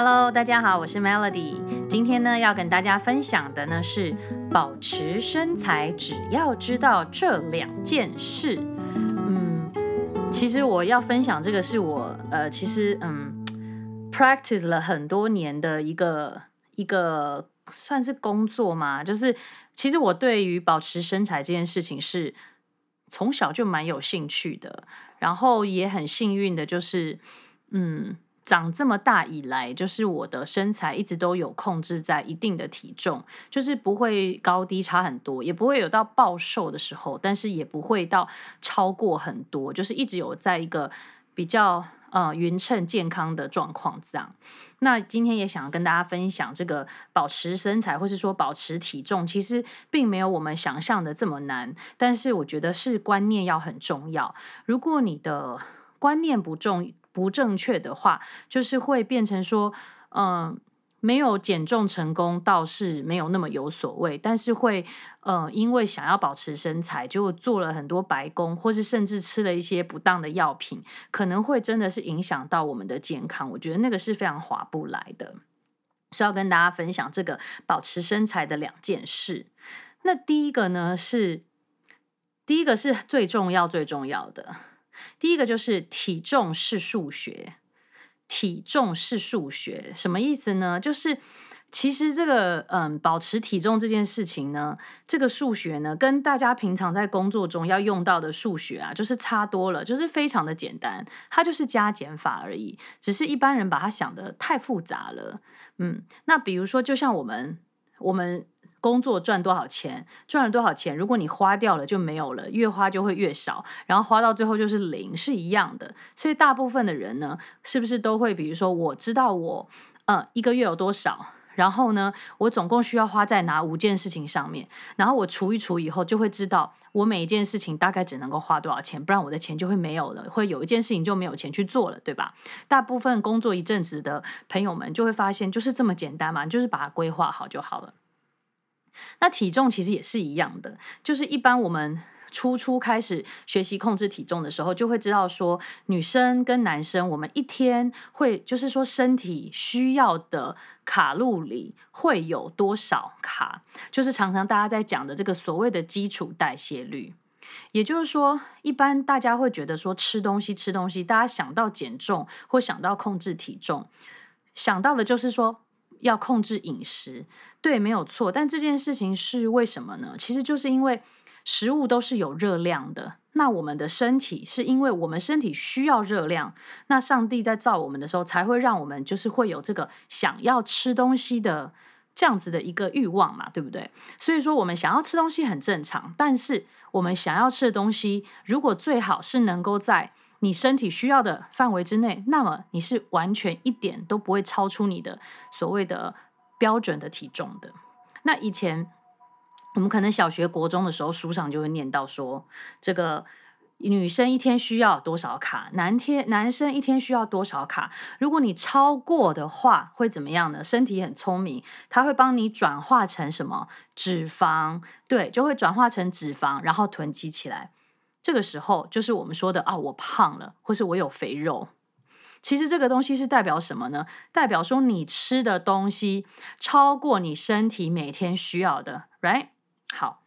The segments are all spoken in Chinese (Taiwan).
Hello，大家好，我是 Melody。今天呢，要跟大家分享的呢是保持身材，只要知道這兩件事。嗯，其實我要分享這個是我呃，其實嗯，practice 了很多年的一個一個算是工作嘛，就是其實我對於保持身材這件事情是從小就蠻有興趣的，然後也很幸運的就是嗯。長這麼大以來，就是我的身材一直都有控制在一定的體重，就是不會高低差很多，也不會有到暴瘦的時候，但是也不會到超過很多，就是一直有在一個比較呃勻稱健康的狀況這樣。那今天也想要跟大家分享這個保持身材，或是說保持體重，其實並沒有我們想象的這麼難，但是我覺得是觀念要很重要。如果你的觀念不重，不正確的話，就是會變成說，嗯、呃，沒有減重成功倒是沒有那麼有所謂，但是會，嗯、呃，因為想要保持身材，就做了很多白工，或是甚至吃了一些不當的藥品，可能會真的是影響到我們的健康。我覺得那個是非常划不來的，是要跟大家分享這個保持身材的兩件事。那第一個呢是，第一個是最重要最重要的。第一個就是體重是數學，體重是數學，什麼意思呢？就是其實這個嗯，保持體重這件事情呢，這個數學呢，跟大家平常在工作中要用到的數學啊，就是差多了，就是非常的簡單，它就是加減法而已，只是一般人把它想得太複雜了。嗯，那比如說，就像我們我們。工作賺多少錢，賺了多少錢，如果你花掉了就沒有了，越花就會越少，然後花到最後就是零，是一樣的。所以大部分的人呢，是不是都會，比如說我知道我，嗯，一個月有多少，然後呢，我總共需要花在哪五件事情上面，然後我除一除以後，就會知道我每一件事情大概只能夠花多少錢，不然我的錢就會沒有了，會有一件事情就沒有錢去做了，對吧？大部分工作一陣子的朋友們就會發現，就是這麼簡單嘛，就是把它規劃好就好了。那體重其實也是一樣的，就是一般我們初初開始學習控制體重的時候，就會知道說女生跟男生，我們一天會就是說身體需要的卡路里會有多少卡，就是常常大家在講的這個所謂的基礎代謝率。也就是說，一般大家會覺得說吃東西，吃東西，大家想到減重會想到控制體重，想到的就是說。要控制飲食，對，沒有錯。但這件事情是為什麼呢？其實就是因為食物都是有熱量的。那我們的身體是因為我們身體需要熱量，那上帝在造我們的時候才會讓我們就是會有這個想要吃東西的這樣子的一個慾望嘛，對不對？所以說我們想要吃東西很正常，但是我們想要吃的東西，如果最好是能夠在你身體需要的範圍之內，那麼你是完全一點都不會超出你的所謂的標準的體重的。那以前我們可能小學、國中的時候，書上就會念到說，這個女生一天需要多少卡，男天男生一天需要多少卡。如果你超過的話，會怎麼樣呢？身體很聰明，它會幫你轉化成什麼脂肪？對，就會轉化成脂肪，然後囤積起來。這個時候就是我們說的啊，我胖了，或是我有肥肉。其實這個東西是代表什麼呢？代表說你吃的東西超過你身體每天需要的，Right？好，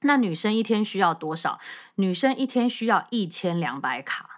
那女生一天需要多少？女生一天需要一千兩百卡。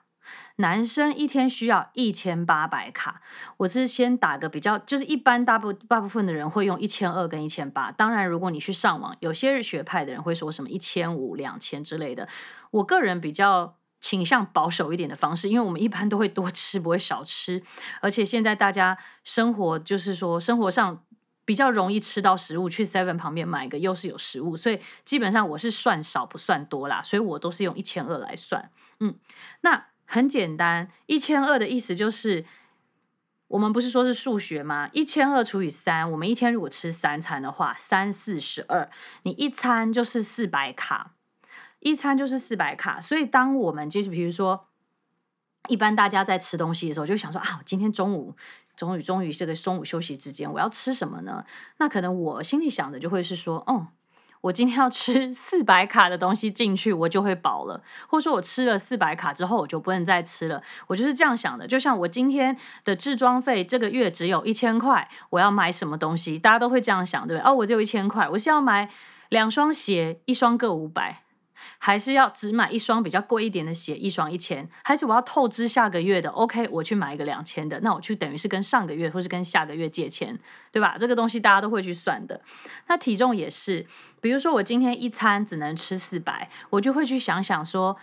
男生一天需要一千八百卡，我是先打個比較，就是一般大部大部分的人會用一千二跟一千八。當然，如果你去上網，有些學派的人會說什麼一千五、兩千之類的。我個人比較傾向保守一點的方式，因為我們一般都會多吃，不會少吃。而且現在大家生活就是說生活上比較容易吃到食物，去 Seven 旁邊買一個又是有食物，所以基本上我是算少不算多啦，所以我都是用一千二來算。嗯，那。很簡單，一千二的意思就是，我們不是說是數學嗎？一千二除以三，我們一天如果吃三餐的話，三四十二，你一餐就是四百卡，一餐就是四百卡。所以當我們就是比如說，一般大家在吃東西的時候，就想說啊，我今天中午、中午、中午這個中午休息之間，我要吃什麼呢？那可能我心裡想的就會是說，嗯。我今天要吃四百卡的東西進去，我就會飽了，或者說我吃了四百卡之後，我就不能再吃了，我就是這樣想的。就像我今天的置裝費，這個月只有一千塊，我要買什麼東西，大家都會這樣想，對不對？哦，我只有一千塊，我是要買兩雙鞋，一雙各五百。還是要只買一雙比較貴一點的鞋，一雙一千，還是我要透支下個月的？OK，我去買一個兩千的，那我去等於是跟上個月或是跟下個月借錢，對吧？這個東西大家都會去算的。那體重也是，比如說我今天一餐只能吃四百，我就會去想想說。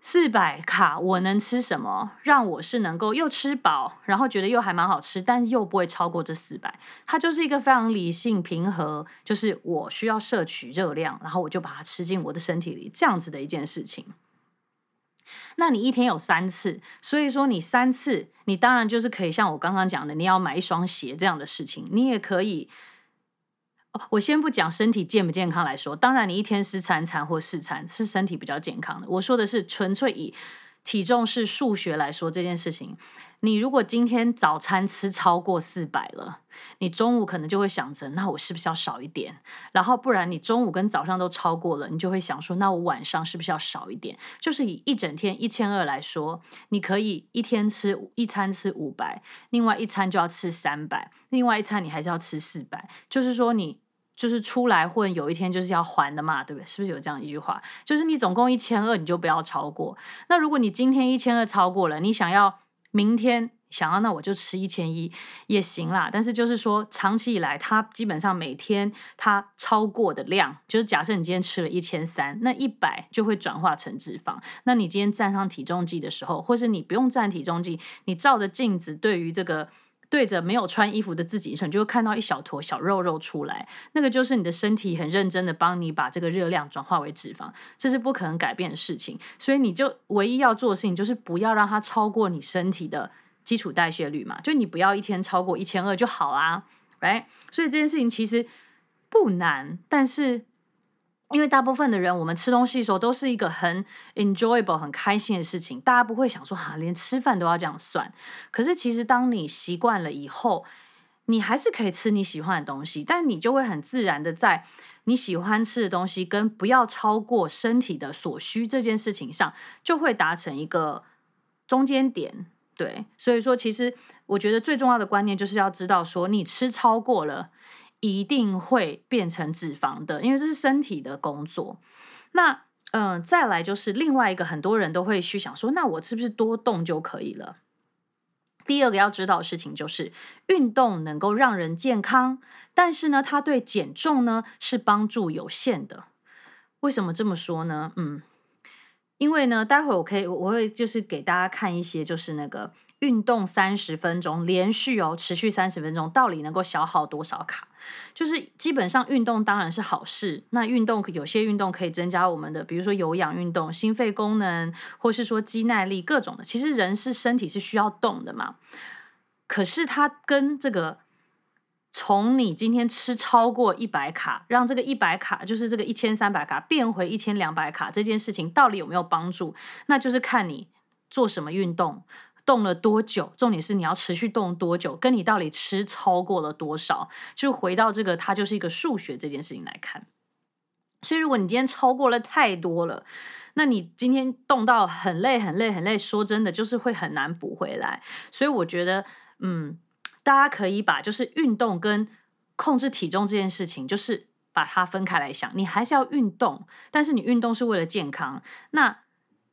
四百卡，我能吃什麼？讓我是能夠又吃飽，然後覺得又還蠻好吃，但又不會超過這四百。它就是一個非常理性、平和，就是我需要攝取熱量，然後我就把它吃進我的身體裡，這樣子的一件事情。那你一天有三次，所以說你三次，你當然就是可以像我剛剛講的，你要買一雙鞋這樣的事情，你也可以。我先不講身體健不健康來說，當然你一天吃三餐，餐或四餐是身體比較健康的。我說的是純粹以體重是數學來說這件事情。你如果今天早餐吃超過四百了，你中午可能就會想着，那我是不是要少一點？然後不然你中午跟早上都超過了，你就會想說，那我晚上是不是要少一點？就是以一整天一千二來說，你可以一天吃一餐吃五百，另外一餐就要吃三百，另外一餐你還是要吃四百，就是說你。就是出來混，有一天就是要還的嘛，對不對？是不是有這樣一句話？就是你總共一千二，你就不要超過。那如果你今天一千二超過了，你想要明天想要，那我就吃一千一也行啦。但是就是說，長期以來，它基本上每天它超過的量，就是假設你今天吃了一千三，那一百就會轉化成脂肪。那你今天站上體重計的時候，或是你不用站體重計，你照着鏡子，對於這個。對着沒有穿衣服的自己，你就會看到一小坨小肉肉出來，那個就是你的身體很認真的幫你把這個熱量轉化為脂肪，這是不可能改變的事情，所以你就唯一要做的事情就是不要讓它超過你身體的基礎代謝率嘛，就你不要一天超過一千二就好啊，來、Right?，所以這件事情其實不難，但是。因為大部分的人，我們吃東西的時候都是一個很 enjoyable、很開心的事情，大家不會想說啊，連吃飯都要這樣算。可是其實當你習慣了以後，你還是可以吃你喜歡的東西，但你就會很自然地在你喜歡吃的東西跟不要超過身體的所需這件事情上，就會達成一個中間點。對，所以說，其實我覺得最重要的觀念就是要知道說，你吃超過了。一定會變成脂肪的，因為這是身體的工作。那，嗯、呃，再來就是另外一個很多人都會去想說，那我是不是多動就可以了？第二個要知道的事情就是，運動能夠讓人健康，但是呢，它對減重呢是幫助有限的。為什麼這麼說呢？嗯，因為呢，待會我可以，我會就是給大家看一些，就是那個。運動三十分鐘，連續哦，持續三十分鐘，到底能夠消耗多少卡？就是基本上運動當然是好事。那運動有些運動可以增加我們的，比如說有氧運動、心肺功能，或是說肌耐力各種的。其實人是身體是需要動的嘛。可是它跟這個，從你今天吃超過一百卡，讓這個一百卡就是這個一千三百卡變回一千兩百卡這件事情，到底有沒有幫助？那就是看你做什麼運動。動了多久？重點是你要持續動多久，跟你到底吃超過了多少，就回到這個，它就是一個數學這件事情來看。所以如果你今天超過了太多了，那你今天動到很累很累很累，說真的就是會很難補回來。所以我覺得，嗯，大家可以把就是運動跟控制體重這件事情，就是把它分開來想。你還是要運動，但是你運動是為了健康。那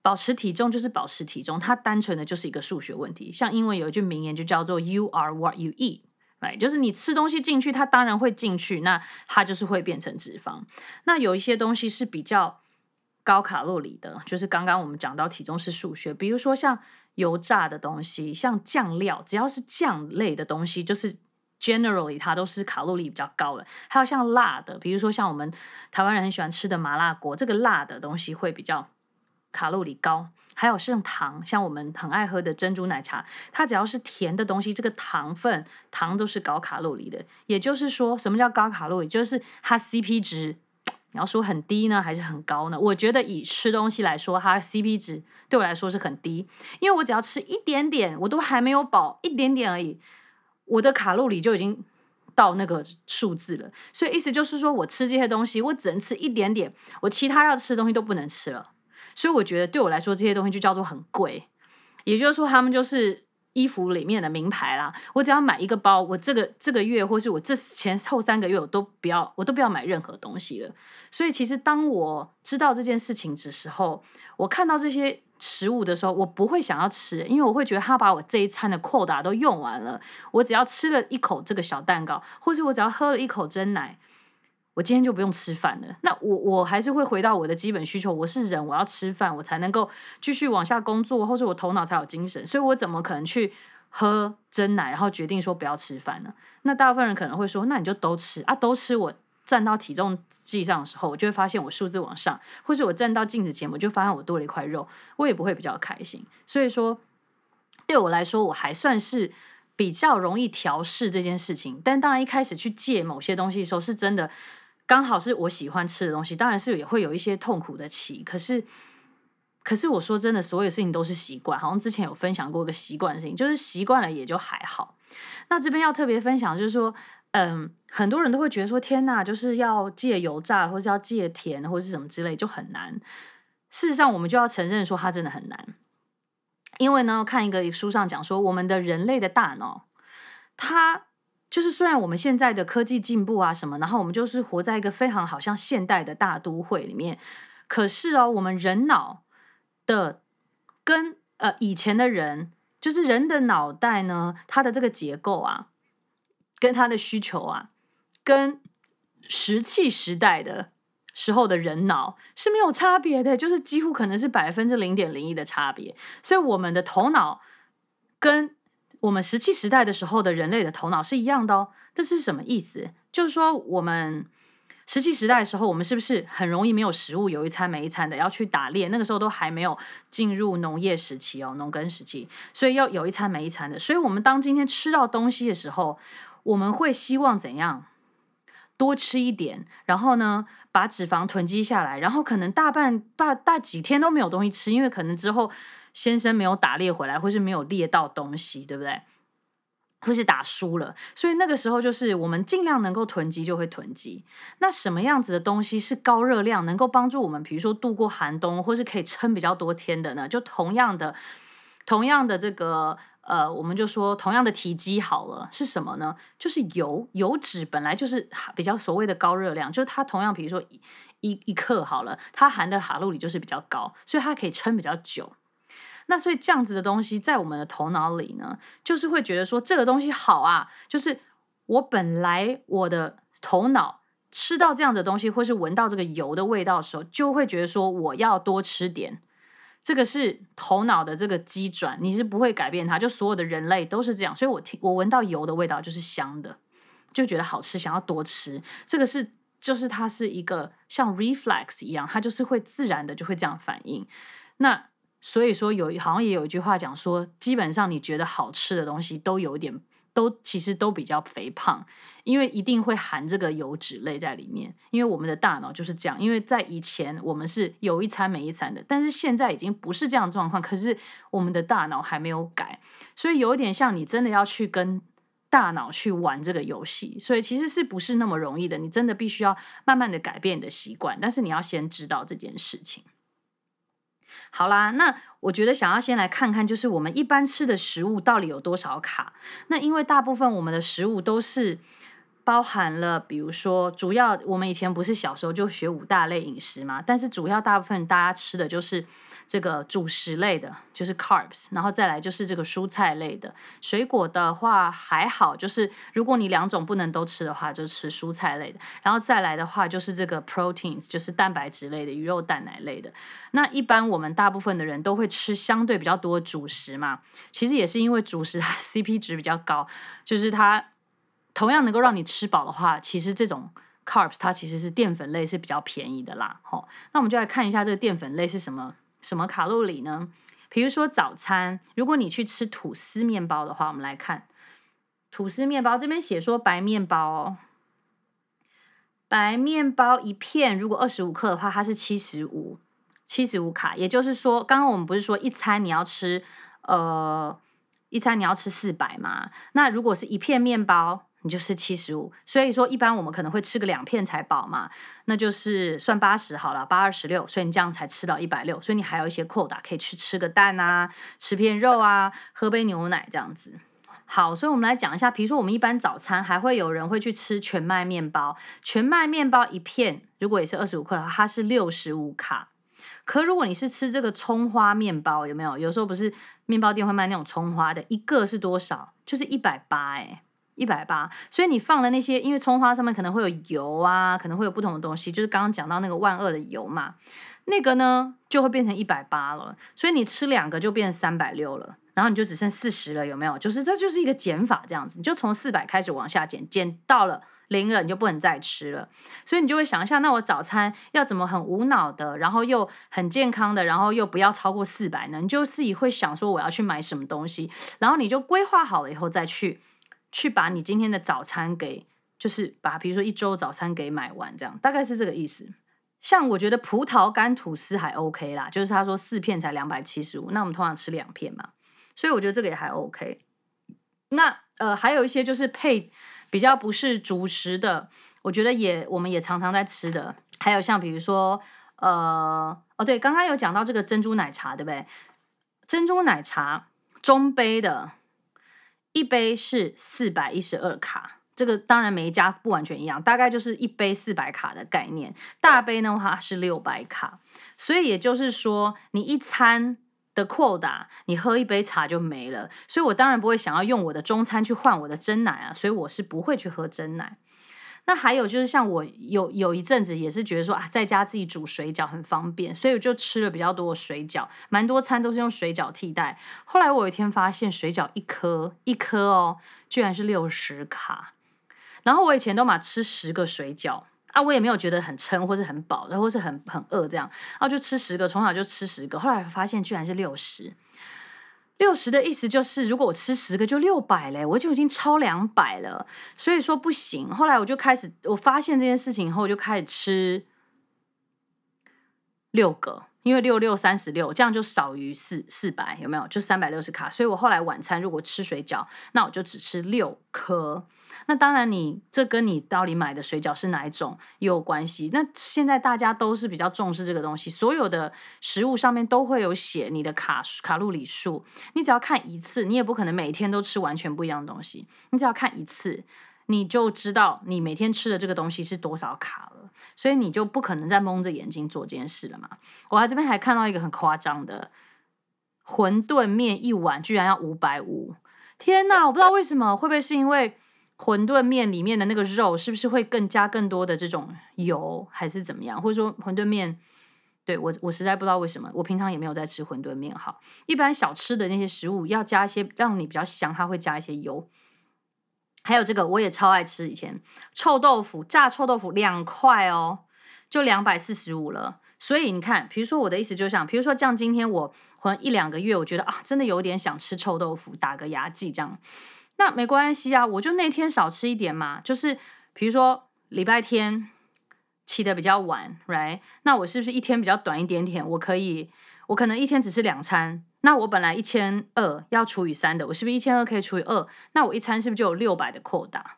保持體重就是保持體重，它單純的就是一個數學問題。像英文有一句名言就叫做 “you are what you eat”，right，就是你吃東西進去，它當然會進去，那它就是會變成脂肪。那有一些東西是比較高卡路里的，就是剛剛我們講到體重是數學，比如說像油炸的東西，像醬料，只要是醬類的東西，就是 generally 它都是卡路里比較高的。還有像辣的，比如說像我們台灣人很喜歡吃的麻辣鍋，這個辣的東西會比較卡路里高，還有是糖，像我們很愛喝的珍珠奶茶，它只要是甜的東西，這個糖分糖都是高卡路里的。也就是說，什麼叫高卡路里？就是它 CP 值，你要說很低呢，還是很高呢？我覺得以吃東西來說，它 CP 值對我來說是很低，因為我只要吃一點點，我都還沒有飽，一點點而已，我的卡路里就已經到那個數字了。所以意思就是說，我吃這些東西，我只能吃一點點，我其他要吃的東西都不能吃了。所以我覺得對我來說，這些東西就叫做很貴，也就是說他們就是衣服裡面的名牌啦。我只要買一個包，我這個這個月或是我這前後三個月我都不要，我都不要買任何東西了。所以其實當我知道這件事情的時候，我看到這些食物的時候，我不會想要吃，因為我會覺得他把我這一餐的扣打都用完了。我只要吃了一口這個小蛋糕，或是我只要喝了一口珍奶。我今天就不用吃飯了。那我我還是會回到我的基本需求。我是人，我要吃飯，我才能夠繼續往下工作，或是我頭腦才有精神。所以，我怎麼可能去喝珍奶，然後決定說不要吃飯呢？那大部分人可能會說：“那你就都吃啊，都吃。”我站到體重計上的時候，我就會發現我數字往上；或是我站到鏡子前，我就發現我多了一塊肉，我也不會比較開心。所以說，對我來說，我還算是比較容易調適這件事情。但當然，一開始去戒某些東西的時候，是真的。剛好是我喜歡吃的東西，當然是也會有一些痛苦的期。可是，可是我說真的，所有事情都是習慣，好像之前有分享過一個習慣性，就是習慣了也就還好。那這邊要特別分享，就是說，嗯，很多人都會覺得說，天吶，就是要戒油炸，或是要戒甜，或是什麼之類，就很難。事實上，我們就要承認說，它真的很難，因為呢，看一個書上講說，我們的人類的大腦，它。就是雖然我們現在的科技進步啊什麼，然後我們就是活在一個非常好像現代的大都會裡面，可是哦，我們人腦的跟呃以前的人，就是人的腦袋呢，它的這個結構啊，跟它的需求啊，跟石器時代的時候的人腦是沒有差別的，就是幾乎可能是百分之零點零一的差別，所以我們的頭腦跟。我們石器時代的時候的人類的頭腦是一樣的哦，這是什麼意思？就是說我們石器時代的時候，我們是不是很容易沒有食物，有一餐沒一餐的要去打獵？那個時候都還沒有進入農業時期哦，農耕時期，所以要有一餐沒一餐的。所以，我們當今天吃到東西的時候，我們會希望怎樣？多吃一點，然後呢，把脂肪囤積下來，然後可能大半大大幾天都沒有東西吃，因為可能之後。先生沒有打獵回來，或是沒有獵到東西，對不對？或是打輸了，所以那個時候就是我們盡量能夠囤積，就會囤積。那什麼樣子的東西是高熱量，能夠幫助我們，比如說度過寒冬，或是可以撐比較多天的呢？就同樣的，同樣的這個，呃，我們就說同樣的體積好了，是什麼呢？就是油，油脂本來就是比較所謂的高熱量，就是它同樣，比如說一一克好了，它含的卡路里就是比較高，所以它可以撐比較久。那所以這樣子的東西在我們的頭腦裡呢，就是會覺得說這個東西好啊，就是我本來我的頭腦吃到這樣子的東西，或是聞到這個油的味道的時候，就會覺得說我要多吃點。這個是頭腦的這個機轉，你是不會改變它，就所有的人類都是這樣。所以我聽我聞到油的味道就是香的，就覺得好吃，想要多吃。這個是就是它是一個像 reflex 一樣，它就是會自然的就會這樣反應。那。所以說有，好像也有一句話講說，基本上你覺得好吃的東西都有點，都其實都比較肥胖，因為一定會含這個油脂類在裡面。因為我們的大腦就是這樣，因為在以前我們是有一餐沒一餐的，但是現在已經不是這樣的狀況。可是我們的大腦還沒有改，所以有點像你真的要去跟大腦去玩這個遊戲，所以其實是不是那麼容易的？你真的必須要慢慢的改變你的習慣，但是你要先知道這件事情。好啦，那我覺得想要先來看看，就是我們一般吃的食物到底有多少卡？那因為大部分我們的食物都是包含了，比如說，主要我們以前不是小時候就學五大類飲食嘛，但是主要大部分大家吃的就是。這個主食類的，就是 carbs，然後再來就是這個蔬菜類的。水果的話還好，就是如果你兩種不能都吃的話，就吃蔬菜類的。然後再來的話就是這個 proteins，就是蛋白質類的，魚肉、蛋奶類的。那一般我們大部分的人都會吃相對比較多的主食嘛，其實也是因為主食它 CP 值比較高，就是它同樣能夠讓你吃飽的話，其實這種 carbs 它其實是澱粉類是比較便宜的啦。好，哦，那我們就來看一下這個澱粉類是什麼。什麼卡路里呢？比如說早餐，如果你去吃吐司麵包的話，我們來看吐司麵包這邊寫說白麵包哦。白麵包一片，如果二十五克的話，它是七十五，七十五卡。也就是說，剛剛我們不是說一餐你要吃，呃，一餐你要吃四百嘛？那如果是一片麵包？你就是七十五，所以說一般我們可能會吃個兩片才飽嘛，那就是算八十好了，八二十六，所以你這樣才吃到一百六，所以你還有一些扣打、啊，可以去吃個蛋啊，吃片肉啊，喝杯牛奶這樣子。好，所以我們來講一下，比如說我們一般早餐還會有人會去吃全麥麵包，全麥麵包一片如果也是二十五克，它是六十五卡，可如果你是吃這個蔥花麵包，有沒有？有時候不是麵包店會賣那種蔥花的，一個是多少？就是一百八哎。一百八，180, 所以你放了那些，因為蔥花上面可能會有油啊，可能會有不同的東西，就是剛剛講到那個萬惡的油嘛，那個呢就會變成一百八了，所以你吃兩個就變成三百六了，然後你就只剩四十了，有沒有？就是這就是一個減法這樣子，你就從四百開始往下減，減到了零了你就不能再吃了，所以你就會想一下，那我早餐要怎麼很無腦的，然後又很健康的，然後又不要超過四百呢？你就自己會想說我要去買什麼東西，然後你就規劃好了以後再去。去把你今天的早餐給，就是把比如說一周早餐給買完，這樣大概是這個意思。像我覺得葡萄乾吐司還 OK 啦，就是他說四片才兩百七十五，那我們通常吃兩片嘛，所以我覺得這個也還 OK。那呃還有一些就是配比較不是主食的，我覺得也我們也常常在吃的，還有像比如說呃哦對，剛剛有講到這個珍珠奶茶，對不對？珍珠奶茶中杯的。一杯是四百一十二卡，這個當然每一家不完全一樣，大概就是一杯四百卡的概念。大杯的話是六百卡，所以也就是說，你一餐的扣打，你喝一杯茶就沒了。所以我當然不會想要用我的中餐去換我的珍奶啊，所以我是不會去喝珍奶。那還有就是，像我有有一陣子也是覺得說啊，在家自己煮水餃很方便，所以我就吃了比較多的水餃，蠻多餐都是用水餃替代。後來我有一天發現水餃，水餃一顆一顆哦，居然是六十卡。然後我以前都嘛吃十個水餃啊，我也沒有覺得很撐或是很飽，然後或是很很餓這樣啊，就吃十個，從小就吃十個，後來發現居然是六十。六十的意思就是，如果我吃十個，就六百嘞，我就已經超兩百了，所以說不行。後來我就開始，我發現這件事情以後，我就開始吃六個，因為六六三十六，這樣就少於四四百，有沒有？就三百六十卡。所以我後來晚餐如果吃水餃，那我就只吃六顆。那當然你，你這跟你到底買的水餃是哪一種也有關係。那現在大家都是比較重視這個東西，所有的食物上面都會有寫你的卡卡路里數。你只要看一次，你也不可能每天都吃完全不一樣的東西。你只要看一次，你就知道你每天吃的這個東西是多少卡了。所以你就不可能再蒙着眼睛做這件事了嘛。我、啊、這邊還看到一個很誇張的餛飩麵一碗居然要五百五！天吶，我不知道為什麼，會不會是因為？餛飩麵裡面的那個肉是不是會更加更多的這種油，還是怎麼樣？或者說餛飩麵，對我我實在不知道為什麼，我平常也沒有在吃餛飩麵哈。一般小吃的那些食物要加一些讓你比較香，它會加一些油。還有這個我也超愛吃，以前臭豆腐炸臭豆腐兩塊哦，就兩百四十五了。所以你看，比如說我的意思就是像，比如說像今天我混一兩個月，我覺得啊，真的有點想吃臭豆腐，打個牙祭這樣。那沒關係啊，我就那天少吃一點嘛。就是比如說禮拜天起得比較晚，right？那我是不是一天比較短一點點？我可以，我可能一天只吃兩餐。那我本來一千二要除以三的，我是不是一千二可以除以二？那我一餐是不是就有六百的擴大？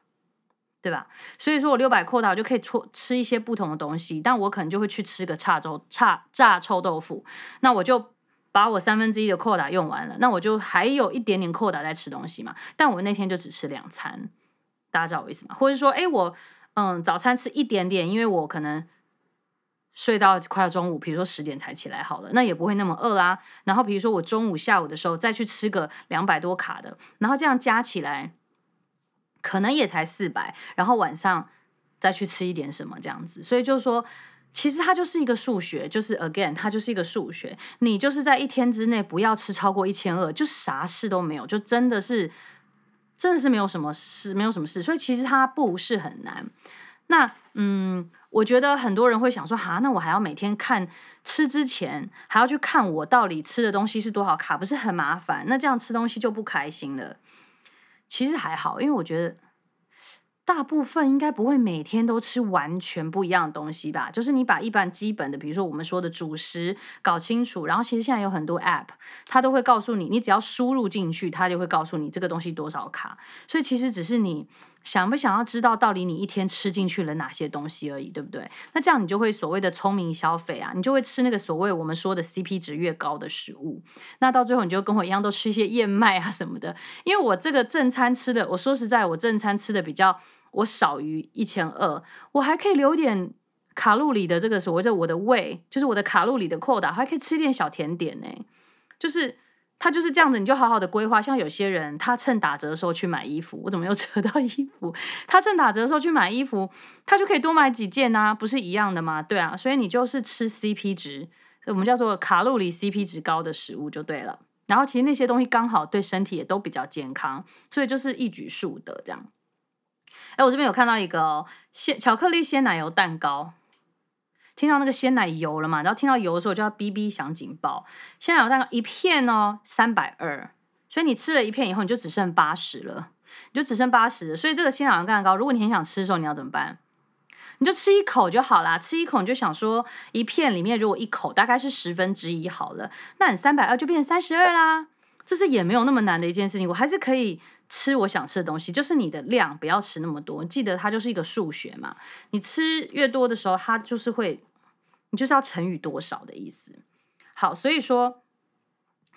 對吧？所以說我六百擴大，我就可以吃吃一些不同的東西。但我可能就會去吃個炸粥、炸炸臭豆腐。那我就。把我三分之一的扣打用完了，那我就還有一點點扣打在吃東西嘛。但我那天就只吃兩餐，大家知道我意思嗎？或者說，哎、欸，我嗯，早餐吃一點點，因為我可能睡到快要中午，比如說十點才起來好了，那也不會那麼餓啊。然後比如說我中午下午的時候再去吃個兩百多卡的，然後這樣加起來可能也才四百，然後晚上再去吃一點什麼這樣子，所以就是說。其實它就是一個數學，就是 again，它就是一個數學。你就是在一天之內不要吃超過一千二，就啥事都沒有，就真的是真的是沒有什麼事，沒有什麼事。所以其實它不是很難。那嗯，我覺得很多人會想說，哈、啊，那我還要每天看，吃之前還要去看我到底吃的東西是多少卡，不是很麻煩？那這樣吃東西就不開心了。其實還好，因為我覺得。大部分應該不會每天都吃完全不一樣的東西吧？就是你把一般基本的，比如說我們說的主食搞清楚，然後其實現在有很多 app，它都會告訴你，你只要輸入進去，它就會告訴你這個東西多少卡。所以其實只是你。想不想要知道到底你一天吃進去了哪些東西而已，對不對？那這樣你就會所謂的聰明消費啊，你就會吃那個所謂我們說的 CP 值越高的食物。那到最後你就跟我一樣，都吃一些燕麥啊什麼的。因為我這個正餐吃的，我說實在，我正餐吃的比較我少於一千二，我還可以留點卡路里的這個所謂的我的胃，就是我的卡路里的扣打，還可以吃一點小甜點呢、欸，就是。他就是這樣子，你就好好的規劃。像有些人，他趁打折的時候去買衣服，我怎麼又扯到衣服？他趁打折的時候去買衣服，他就可以多買幾件吶、啊，不是一樣的嗎？對啊，所以你就是吃 CP 值，我們叫做卡路里 CP 值高的食物就對了。然後其實那些東西剛好對身體也都比較健康，所以就是一舉數得這樣。誒，我這邊有看到一個鮮、哦、巧克力鮮奶油蛋糕。聽到那個鮮奶油了嘛？然後聽到油的時候我就要嗶嗶響警報。鮮奶油蛋糕一片哦，三百二，所以你吃了一片以後，你就只剩八十了，你就只剩八十。所以這個鮮奶油蛋糕，如果你很想吃的時候，你要怎麼辦？你就吃一口就好啦。吃一口你就想說，一片裡面如果一口大概是十分之一好了，那你三百二就變成三十二啦。這是也沒有那麼難的一件事情，我還是可以吃我想吃的東西，就是你的量不要吃那麼多，記得它就是一個數學嘛，你吃越多的時候，它就是會，你就是要乘以多少的意思。好，所以說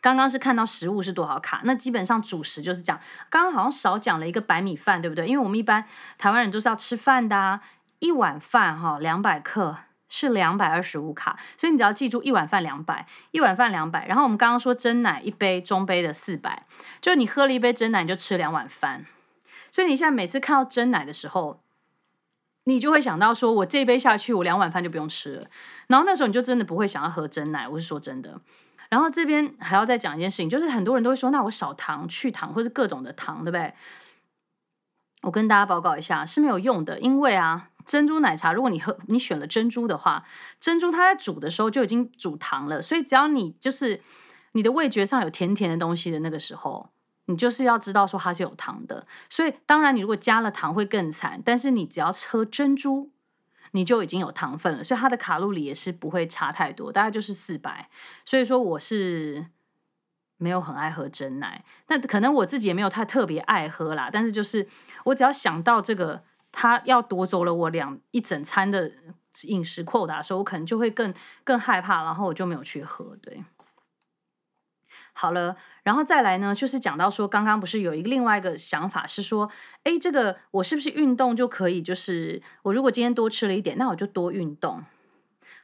剛剛是看到食物是多少卡，那基本上主食就是講，剛剛好像少講了一個白米飯，對不對？因為我們一般台灣人就是要吃飯的啊，一碗飯哈兩百克，是兩百二十五卡，所以你只要記住一碗飯兩百，一碗飯兩百。然後我們剛剛說珍奶一杯中杯的四百，就是你喝了一杯珍奶，你就吃兩碗飯。所以你現在每次看到珍奶的時候，你就會想到說，我這一杯下去，我兩碗飯就不用吃了。然後那時候你就真的不會想要喝珍奶，我是說真的。然後這邊還要再講一件事情，就是很多人都會說，那我少糖、去糖，或者是各種的糖，對不對？我跟大家報告一下，是沒有用的，因為啊。珍珠奶茶，如果你喝你選了珍珠的話，珍珠它在煮的時候就已經煮糖了，所以只要你就是你的味覺上有甜甜的東西的那個時候，你就是要知道說它是有糖的。所以當然你如果加了糖會更慘，但是你只要喝珍珠，你就已經有糖分了，所以它的卡路里也是不會差太多，大概就是四百。所以說我是沒有很愛喝珍奶，那可能我自己也沒有太特別愛喝啦。但是就是我只要想到這個。他要奪走了我兩一整餐的飲食扣打，所以我可能就會更更害怕，然後我就沒有去喝。對，好了，然後再來呢，就是講到說，剛剛不是有一個另外一個想法是說，誒，這個我是不是運動就可以？就是我如果今天多吃了一點，那我就多運動。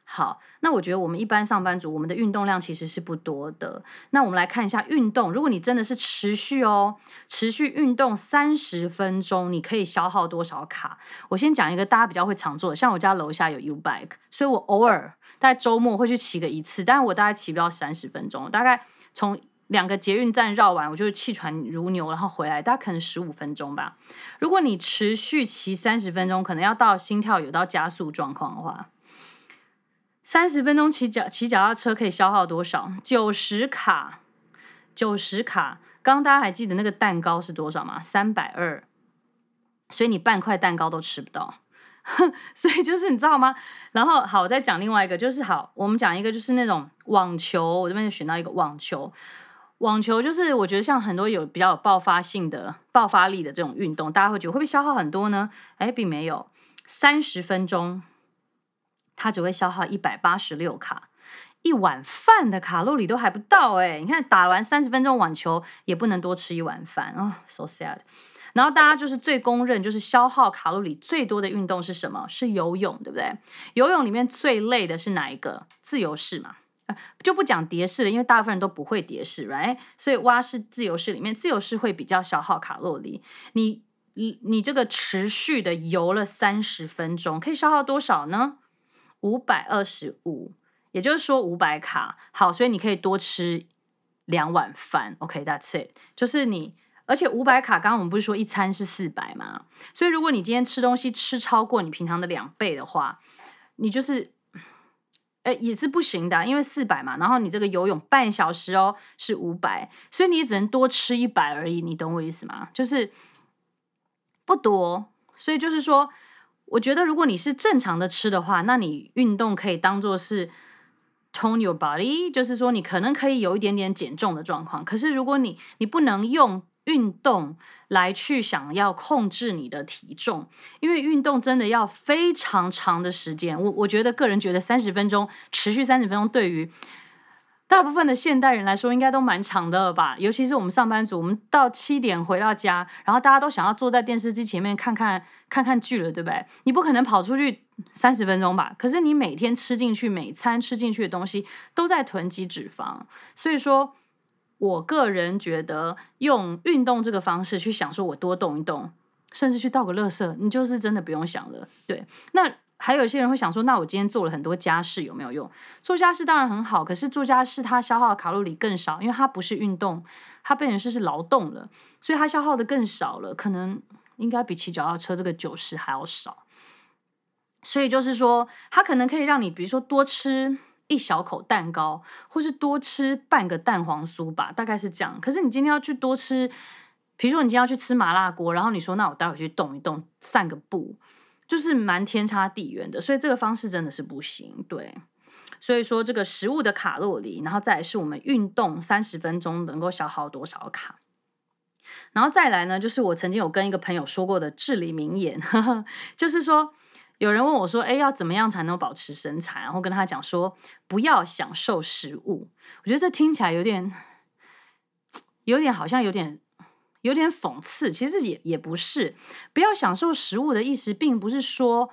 好，那我覺得我們一般上班族，我們的運動量其實是不多的。那我們來看一下運動，如果你真的是持續哦，持續運動三十分鐘，你可以消耗多少卡？我先講一個大家比較會常做的，像我家樓下有 YouBike，所以我偶爾大概周末會去騎個一次，但是我大概騎不到三十分鐘，大概從兩個捷運站繞完，我就氣喘如牛，然後回來大概可能十五分鐘吧。如果你持續騎三十分鐘，可能要到心跳有到加速狀況的話。三十分鐘騎腳騎腳踏車可以消耗多少？九十卡，九十卡。剛剛大家還記得那個蛋糕是多少嗎？三百二，所以你半塊蛋糕都吃不到。 所以就是你知道嗎？然後好，我再講另外一個，就是好，我們講一個就是那種網球。我這邊選到一個網球，網球就是我覺得像很多有比較有爆發性的、爆發力的這種運動，大家會覺得會不會消耗很多呢？哎、欸，並沒有，三十分鐘。它只會消耗一百八十六卡，一碗飯的卡路里都還不到哎！你看打完三十分鐘網球也不能多吃一碗飯啊，oh, so sad。然後大家就是最公認就是消耗卡路里最多的運動是什麼？是游泳，對不對？游泳裡面最累的是哪一個？自由式嘛，呃，就不講蝶式了，因為大部分人都不會蝶式，right？所以蛙式、自由式裡面，自由式會比較消耗卡路里。你你你這個持續的游了三十分鐘，可以消耗多少呢？五百二十五，25，也就是說五百卡好，所以你可以多吃兩碗飯。OK，that's it，就是你。而且五百卡，剛剛我們不是說一餐是四百嗎？所以如果你今天吃東西吃超過你平常的兩倍的話，你就是，哎、欸，也是不行的啊，因為四百嘛。然後你這個游泳半小時哦，是五百，所以你只能多吃一百而已。你懂我意思嗎？就是不多，所以就是說。我覺得，如果你是正常的吃的話，那你運動可以當做是 tone your body，就是說你可能可以有一點點減重的狀況。可是如果你你不能用運動來去想要控制你的體重，因為運動真的要非常長的時間。我我覺得個人覺得三十分鐘，持續三十分鐘對於。大部分的現代人來說，應該都蠻長的了吧？尤其是我們上班族，我們到七點回到家，然後大家都想要坐在電視機前面看看看看劇了，對不對？你不可能跑出去三十分鐘吧。可是你每天吃進去每餐吃進去的東西都在囤積脂肪，所以說，我個人覺得用運動這個方式去想，說我多動一動，甚至去倒個垃圾，你就是真的不用想了。對，那。還有一些人會想說，那我今天做了很多家事有沒有用？做家事當然很好，可是做家事它消耗的卡路里更少，因為它不是運動，它變成是勞動了，所以它消耗的更少了，可能應該比騎腳踏車這個九十還要少。所以就是說，它可能可以讓你，比如說多吃一小口蛋糕，或是多吃半個蛋黃酥吧，大概是這樣。可是你今天要去多吃，比如說你今天要去吃麻辣鍋，然後你說那我待會去動一動，散個步。就是蠻天差地遠的，所以這個方式真的是不行。對，所以說這個食物的卡路里，然後再來是我們運動三十分鐘能夠消耗多少卡，然後再來呢，就是我曾經有跟一個朋友說過的至理名言，呵呵，就是說有人問我說，哎，要怎麼樣才能保持身材？然後跟他講說，不要享受食物。我覺得這聽起來有點，有點好像有點。有點諷刺，其實也也不是。不要享受食物的意思，並不是說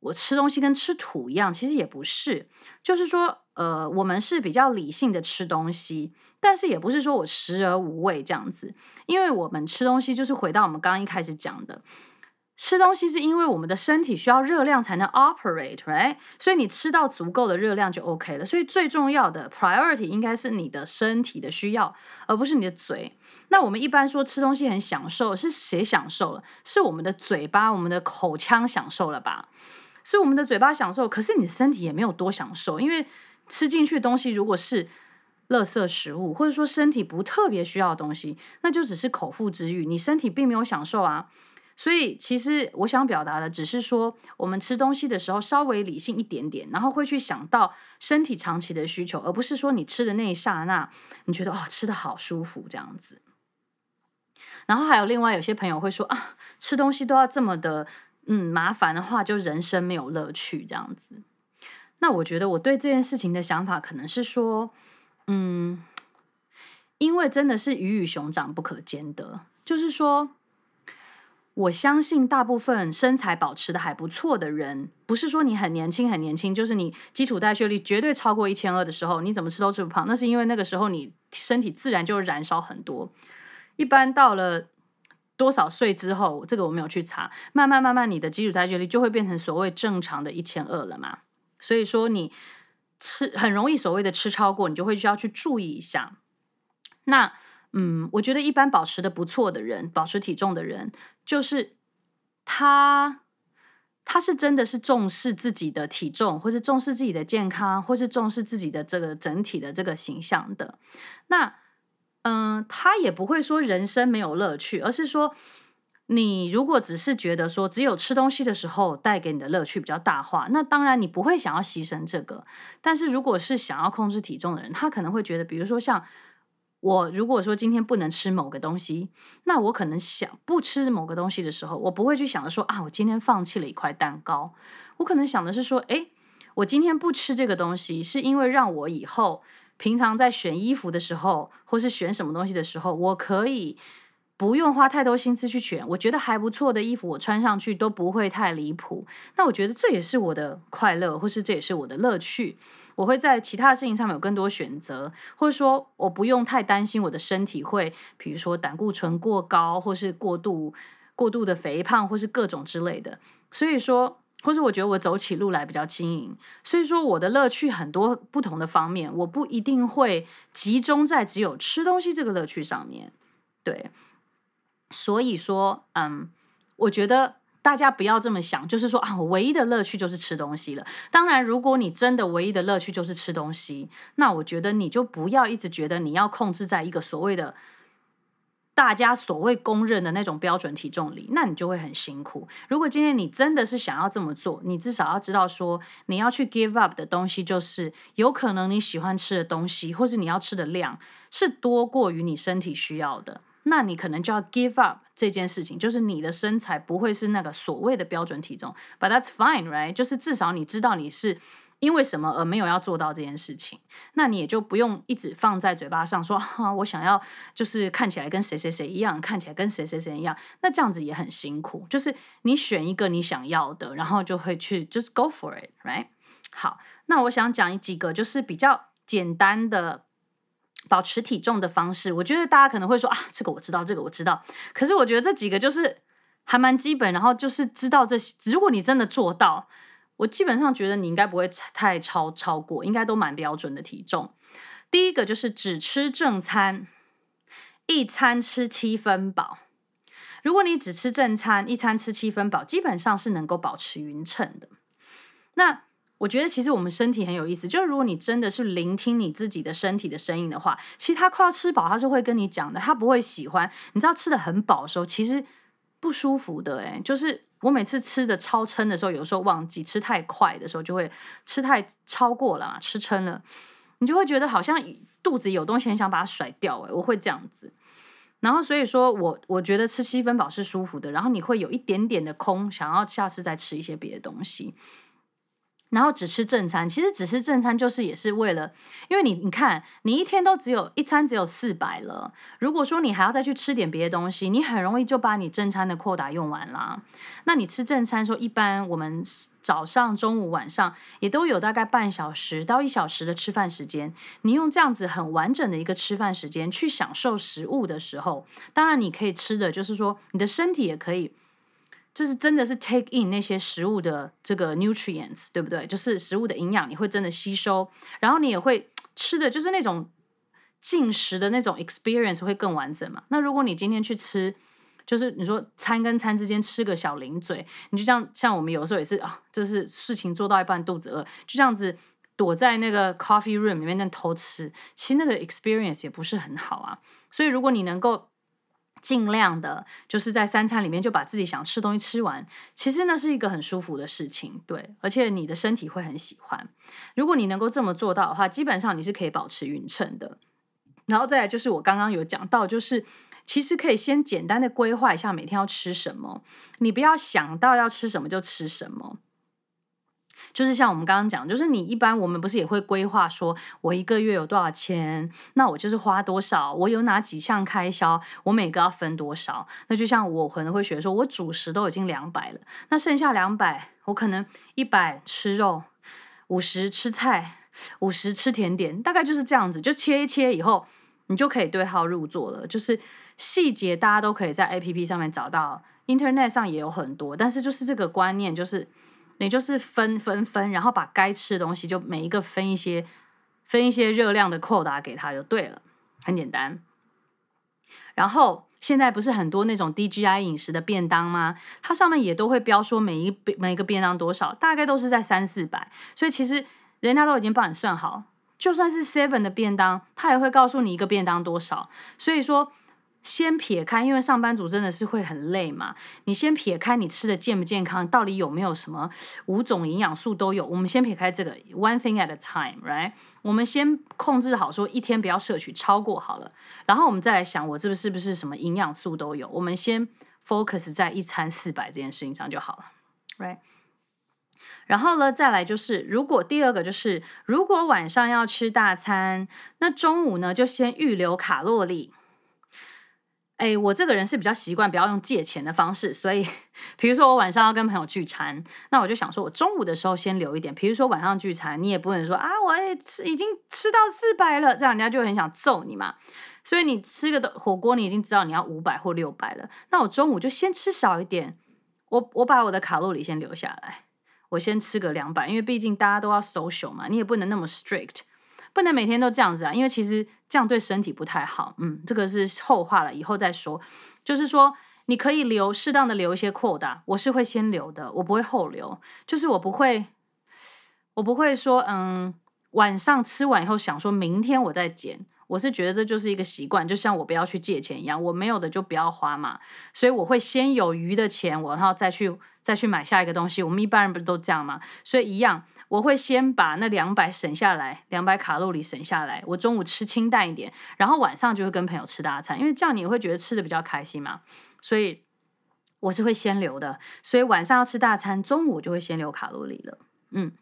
我吃東西跟吃土一樣，其實也不是。就是說，呃，我們是比較理性的吃東西，但是也不是說我食而無味這樣子。因為我們吃東西就是回到我們剛剛一開始講的，吃東西是因為我們的身體需要熱量才能 operate，right？所以你吃到足夠的熱量就 OK 了。所以最重要的 priority 應該是你的身體的需要，而不是你的嘴。那我們一般說吃東西很享受，是誰享受了？是我們的嘴巴、我們的口腔享受了吧？是我們的嘴巴享受，可是你的身體也沒有多享受，因為吃進去的東西如果是垃圾食物，或者說身體不特別需要的東西，那就只是口腹之欲，你身體並沒有享受啊。所以其實我想表達的只是說，我們吃東西的時候稍微理性一點點，然後會去想到身體長期的需求，而不是說你吃的那一剎那，你覺得哦吃的好舒服這樣子。然後還有另外有些朋友會說啊，吃東西都要這麼的，嗯，麻煩的話就人生沒有樂趣這樣子。那我覺得我對這件事情的想法可能是說，嗯，因為真的是魚與熊掌不可兼得。就是說，我相信大部分身材保持得還不錯的人，不是說你很年輕很年輕，就是你基礎代謝率絕對超過一千二的時候，你怎麼吃都吃不胖。那是因為那個時候你身體自然就燃燒很多。一般到了多少歲之後，這個我沒有去查。慢慢慢慢，你的基礎代謝率就會變成所謂正常的一千二了嘛。所以說，你吃，很容易所謂的吃超過，你就會需要去注意一下。那，嗯，我覺得一般保持的不錯的人，保持體重的人，就是他，他是真的是重視自己的體重，或是重視自己的健康，或是重視自己的這個整體的這個形象的。那。嗯，他也不會說人生沒有樂趣，而是說你如果只是覺得說只有吃東西的時候帶給你的樂趣比較大化，那當然你不會想要犧牲這個。但是如果是想要控制體重的人，他可能會覺得，比如說像我，如果說今天不能吃某個東西，那我可能想不吃某個東西的時候，我不會去想著說啊，我今天放棄了一塊蛋糕，我可能想的是說，誒，我今天不吃這個東西，是因為讓我以後。平常在選衣服的時候，或是選什麼東西的時候，我可以不用花太多心思去選。我覺得還不錯的衣服，我穿上去都不會太離譜。那我覺得這也是我的快樂，或是這也是我的樂趣。我會在其他的事情上面有更多選擇，或者說我不用太擔心我的身體會，比如說膽固醇過高，或是過度過度的肥胖，或是各種之類的。所以說。或者我覺得我走起路來比較輕盈，所以說我的樂趣很多不同的方面，我不一定會集中在只有吃東西這個樂趣上面。對，所以說，嗯，我覺得大家不要這麼想，就是說啊，我唯一的樂趣就是吃東西了。當然，如果你真的唯一的樂趣就是吃東西，那我覺得你就不要一直覺得你要控制在一個所謂的。大家所謂公認的那種標準體重裡，那你就會很辛苦。如果今天你真的是想要這麼做，你至少要知道說，你要去 give up 的東西就是，有可能你喜歡吃的東西，或是你要吃的量是多過於你身體需要的，那你可能就要 give up 這件事情，就是你的身材不會是那個所謂的標準體重。But that's fine, right？就是至少你知道你是。因為什麼而沒有要做到這件事情，那你也就不用一直放在嘴巴上說啊，我想要就是看起來跟誰誰誰一樣，看起來跟誰誰誰一樣，那這樣子也很辛苦。就是你選一個你想要的，然後就會去，就是 go for it，right？好，那我想講一幾個就是比較簡單的保持體重的方式。我覺得大家可能會說啊，這個我知道，這個我知道。可是我覺得這幾個就是還蠻基本，然後就是知道這些。如果你真的做到，我基本上覺得你應該不會太超超過，應該都蠻標準的體重。第一個就是只吃正餐，一餐吃七分飽。如果你只吃正餐，一餐吃七分飽，基本上是能夠保持勻稱的。那我覺得其實我們身體很有意思，就是如果你真的是聆聽你自己的身體的聲音的話，其實他快要吃飽，他是會跟你講的，他不會喜歡。你知道吃得很飽的時候，其實。不舒服的欸，就是我每次吃的超撐的時候，有時候忘記吃太快的時候，就會吃太超過了，吃撐了，你就會覺得好像肚子有東西，很想把它甩掉欸，我會這樣子。然後所以說我，我我覺得吃七分飽是舒服的，然後你會有一點點的空，想要下次再吃一些別的東西。然後只吃正餐，其實只吃正餐就是也是為了，因為你你看，你一天都只有一餐只有四百了。如果說你還要再去吃點別的東西，你很容易就把你正餐的擴大用完了。那你吃正餐的時候，一般我們早上、中午、晚上也都有大概半小時到一小時的吃飯時間。你用這樣子很完整的一個吃飯時間去享受食物的時候，當然你可以吃的就是說你的身體也可以。就是真的是 take in 那些食物的這個 nutrients，對不對？就是食物的營養，你會真的吸收，然後你也會吃的就是那種進食的那種 experience 會更完整嘛。那如果你今天去吃，就是你說餐跟餐之間吃個小零嘴，你就像像我們有時候也是啊，就是事情做到一半肚子餓，就這樣子躲在那個 coffee room 裡面那偷吃，其實那個 experience 也不是很好啊。所以如果你能夠。儘量的，就是在三餐裡面就把自己想吃東西吃完。其實那是一個很舒服的事情，對，而且你的身體會很喜歡。如果你能夠這麼做到的話，基本上你是可以保持勻稱的。然後再來就是我剛剛有講到，就是其實可以先簡單的規劃一下每天要吃什麼，你不要想到要吃什麼就吃什麼。就是像我們剛剛講，就是你一般我們不是也會規劃說，我一個月有多少錢，那我就是花多少，我有哪幾項開銷，我每個要分多少？那就像我可能會學說，我主食都已經兩百了，那剩下兩百，我可能一百吃肉，五十吃菜，五十吃甜點，大概就是這樣子，就切一切以後，你就可以對號入座了。就是細節大家都可以在 A P P 上面找到，Internet 上也有很多，但是就是這個觀念就是。你就是分分分，然後把該吃的東西就每一個分一些，分一些熱量的扣打給他就對了，很簡單。然後現在不是很多那種低 GI 飲食的便當嗎？它上面也都會標說每一每一個便當多少，大概都是在三四百，所以其實人家都已經幫你算好，就算是 Seven 的便當，他也會告訴你一個便當多少，所以說。先撇開，因為上班族真的是會很累嘛。你先撇開你吃的健不健康，到底有沒有什麼五種營養素都有？我們先撇開這個，one thing at a time，right？我們先控制好，說一天不要攝取超過好了。然後我們再來想，我這個是不是什麼營養素都有？我們先 focus 在一餐四百這件事情上就好了，right？然後呢，再來就是，如果第二個就是，如果晚上要吃大餐，那中午呢就先預留卡路里。哎，我這個人是比較習慣不要用借錢的方式，所以，比如說我晚上要跟朋友聚餐，那我就想說，我中午的時候先留一點。比如說晚上聚餐，你也不能說啊，我也吃已經吃到四百了，這樣人家就很想揍你嘛。所以你吃個火鍋，你已經知道你要五百或六百了。那我中午就先吃少一點，我我把我的卡路里先留下來，我先吃個兩百，因為畢竟大家都要 social 嘛，你也不能那麼 strict，不能每天都這樣子啊，因為其實。這樣對身體不太好，嗯，這個是後話了，以後再說。就是說，你可以留適當的留一些 quota 啊，我是會先留的，我不會後留。就是我不會，我不會說，嗯，晚上吃完以後想說明天我再減，我是覺得這就是一個習慣，就像我不要去借錢一樣，我沒有的就不要花嘛。所以我會先有餘的錢，我然後再去再去買下一個東西。我們一般人不是都這樣嗎？所以一樣。我會先把那兩百省下來，兩百卡路里省下來。我中午吃清淡一點，然後晚上就會跟朋友吃大餐，因為這樣你會覺得吃得比較開心嘛。所以我是會先留的，所以晚上要吃大餐，中午就會先留卡路里了。嗯，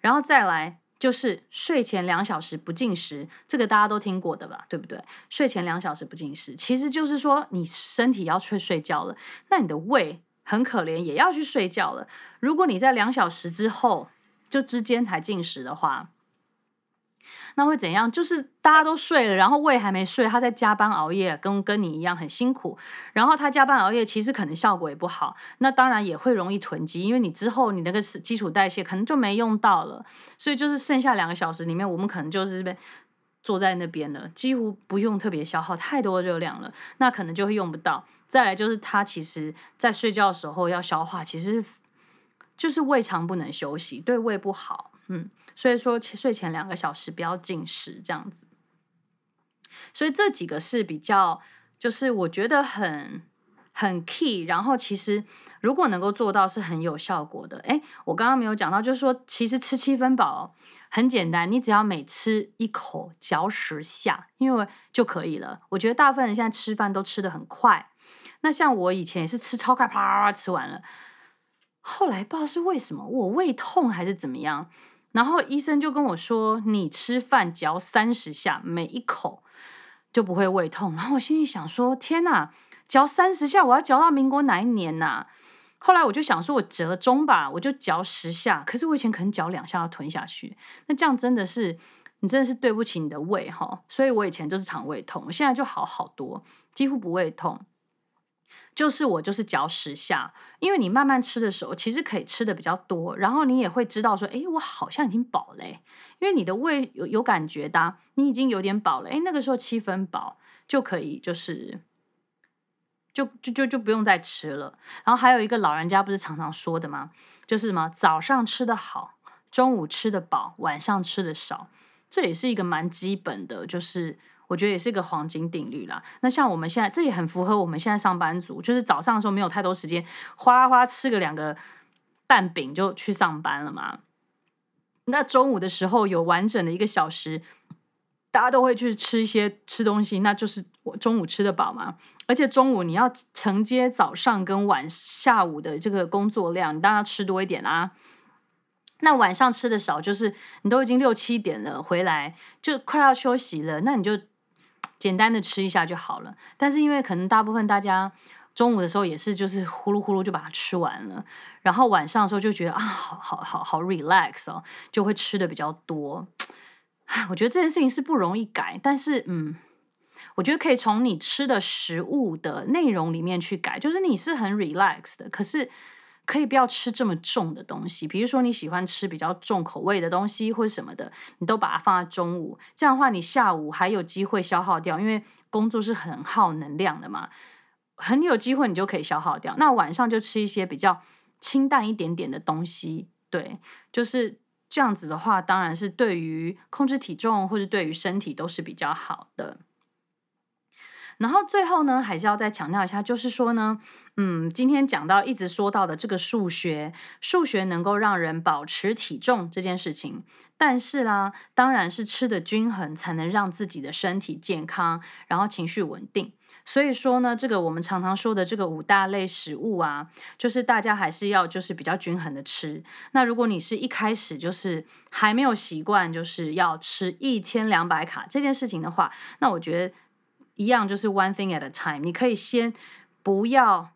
然後再來就是睡前兩小時不進食，這個大家都聽過的吧，對不對？睡前兩小時不進食，其實就是說你身體要去睡覺了，那你的胃很可憐也要去睡覺了。如果你在兩小時之後。就之間才進食的話，那會怎樣？就是大家都睡了，然後胃還沒睡，他在加班熬夜，跟跟你一樣很辛苦。然後他加班熬夜，其實可能效果也不好。那當然也會容易囤積，因為你之後你那個基礎代謝可能就沒用到了。所以就是剩下兩個小時裡面，我們可能就是被坐在那邊了，幾乎不用特別消耗太多熱量了。那可能就會用不到。再來就是他其實在睡覺的時候要消化，其實。就是胃腸不能休息，對胃不好，嗯，所以說睡前兩個小時不要進食這樣子。所以這幾個是比較，就是我覺得很很 key，然後其實如果能夠做到是很有效果的。誒，我剛剛沒有講到，就是說其實吃七分飽很簡單，你只要每吃一口嚼十下，因為就可以了。我覺得大部分人現在吃飯都吃得很快，那像我以前也是吃超快，啪啪啪吃完了。後來不知道是為什麼，我胃痛還是怎麼樣，然後醫生就跟我說：“你吃飯嚼三十下，每一口就不會胃痛。”然後我心裡想說：“天吶，嚼三十下，我要嚼到民國哪一年吶？”後來我就想說：“我折中吧，我就嚼十下。”可是我以前可能嚼兩下要吞下去，那這樣真的是你真的是對不起你的胃齁。所以我以前就是腸胃痛，我現在就好好多，幾乎不胃痛。就是我就是嚼十下，因為你慢慢吃的時候，其實可以吃的比較多，然後你也會知道說，誒、欸，我好像已經飽了、欸。因為你的胃有有感覺的、啊，你已經有點飽了，誒、欸，那個時候七分飽就可以，就是就就就就不用再吃了。然後還有一個老人家不是常常說的嗎？就是什麼早上吃得好，中午吃得飽，晚上吃得少，這也是一個蠻基本的，就是。我覺得也是一個黃金定律啦。那像我們現在，這也很符合我們現在上班族，就是早上的時候沒有太多時間，嘩啦嘩啦吃個兩個蛋餅就去上班了嘛。那中午的時候有完整的一個小時，大家都會去吃一些吃東西，那就是中午吃得飽嘛。而且中午你要承接早上跟晚下午的這個工作量，你當然要吃多一點啦、啊。那晚上吃的少，就是你都已經六七點了回來，就快要休息了，那你就。簡單的吃一下就好了，但是因為可能大部分大家中午的時候也是就是呼嚕呼嚕就把它吃完了，然後晚上的時候就覺得啊好好好好 relax 哦，就會吃的比較多。唉，我覺得這件事情是不容易改，但是嗯，我覺得可以從你吃的食物的內容裡面去改，就是你是很 relax 的，可是。可以不要吃這麼重的東西，比如說你喜歡吃比較重口味的東西或什麼的，你都把它放在中午。這樣的話，你下午還有機會消耗掉，因為工作是很耗能量的嘛，很有機會你就可以消耗掉。那晚上就吃一些比較清淡一點點的東西，對，就是這樣子的話，當然是對於控制體重或是對於身體都是比較好的。然後最後呢，還是要再強調一下，就是說呢，嗯，今天講到一直說到的這個數學，數學能夠讓人保持體重這件事情，但是啦，當然是吃的均衡才能讓自己的身體健康，然後情緒穩定。所以說呢，這個我們常常說的這個五大類食物啊，就是大家還是要就是比較均衡的吃。那如果你是一開始就是還沒有習慣，就是要吃一千兩百卡這件事情的話，那我覺得。一樣就是 one thing at a time。你可以先不要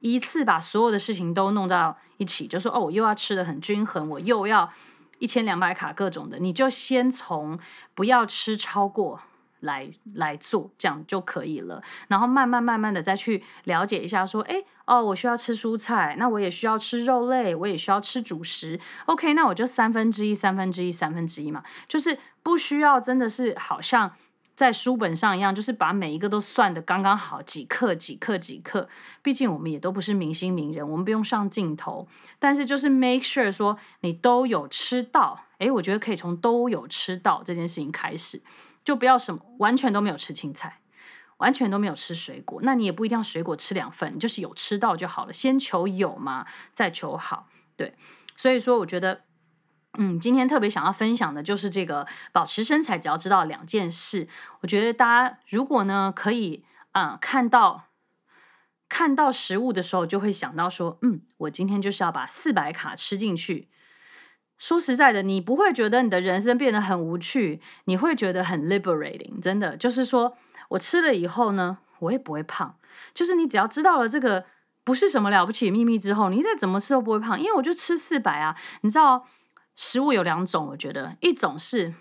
一次把所有的事情都弄到一起，就說哦，我又要吃得很均衡，我又要一千兩百卡各種的，你就先從不要吃超過來來做，這樣就可以了。然後慢慢慢慢的再去了解一下說，說哎哦，我需要吃蔬菜，那我也需要吃肉類，我也需要吃主食。OK，那我就三分之一、三分之一、三分之一嘛，就是不需要真的是好像。在書本上一樣，就是把每一個都算得剛剛好，幾克幾克幾克。畢竟我們也都不是明星名人，我們不用上鏡頭。但是就是 make sure 說你都有吃到。誒、欸，我覺得可以從都有吃到這件事情開始，就不要什麼完全都沒有吃青菜，完全都沒有吃水果。那你也不一定要水果吃兩份，你就是有吃到就好了。先求有嘛，再求好。對，所以說我覺得。嗯，今天特別想要分享的就是這個保持身材，只要知道兩件事。我覺得大家如果呢，可以啊、呃，看到看到食物的時候，就會想到說，嗯，我今天就是要把四百卡吃進去。說實在的，你不會覺得你的人生變得很無趣，你會覺得很 liberating。真的，就是說我吃了以後呢，我也不會胖。就是你只要知道了這個不是什麼了不起秘密之後，你再怎麼吃都不會胖，因為我就吃四百啊，你知道。食物有兩種，我覺得一種是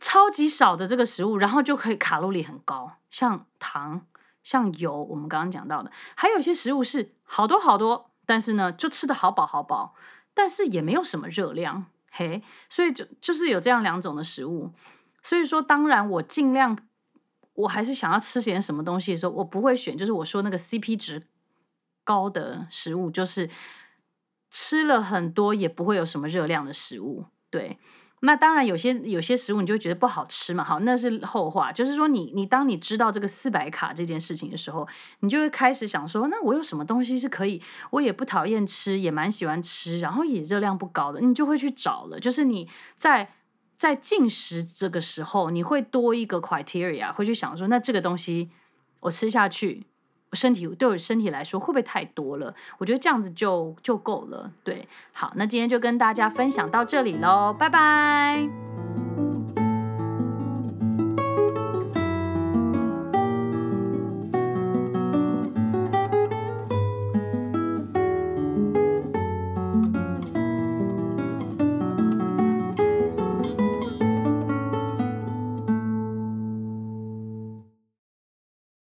超級少的這個食物，然後就可以卡路里很高，像糖、像油，我們剛剛講到的；還有一些食物是好多好多，但是呢就吃得好飽好飽，但是也沒有什麼熱量。嘿，所以就就是有這樣兩種的食物。所以說，當然我盡量，我還是想要吃點什麼東西的時候，我不會選就是我說那個 CP 值高的食物就是。吃了很多也不會有什麼熱量的食物，對。那當然有些有些食物你就會覺得不好吃嘛，好，那是後話。就是說你你當你知道這個四百卡這件事情的時候，你就會開始想說，那我有什麼東西是可以，我也不討厭吃，也蠻喜歡吃，然後也熱量不高的，你就會去找了。就是你在在進食這個時候，你會多一個 criteria，會去想說，那這個東西我吃下去。身體對我身體來說會不會太多了？我覺得這樣子就就夠了。對，好，那今天就跟大家分享到這裡嘍，拜拜。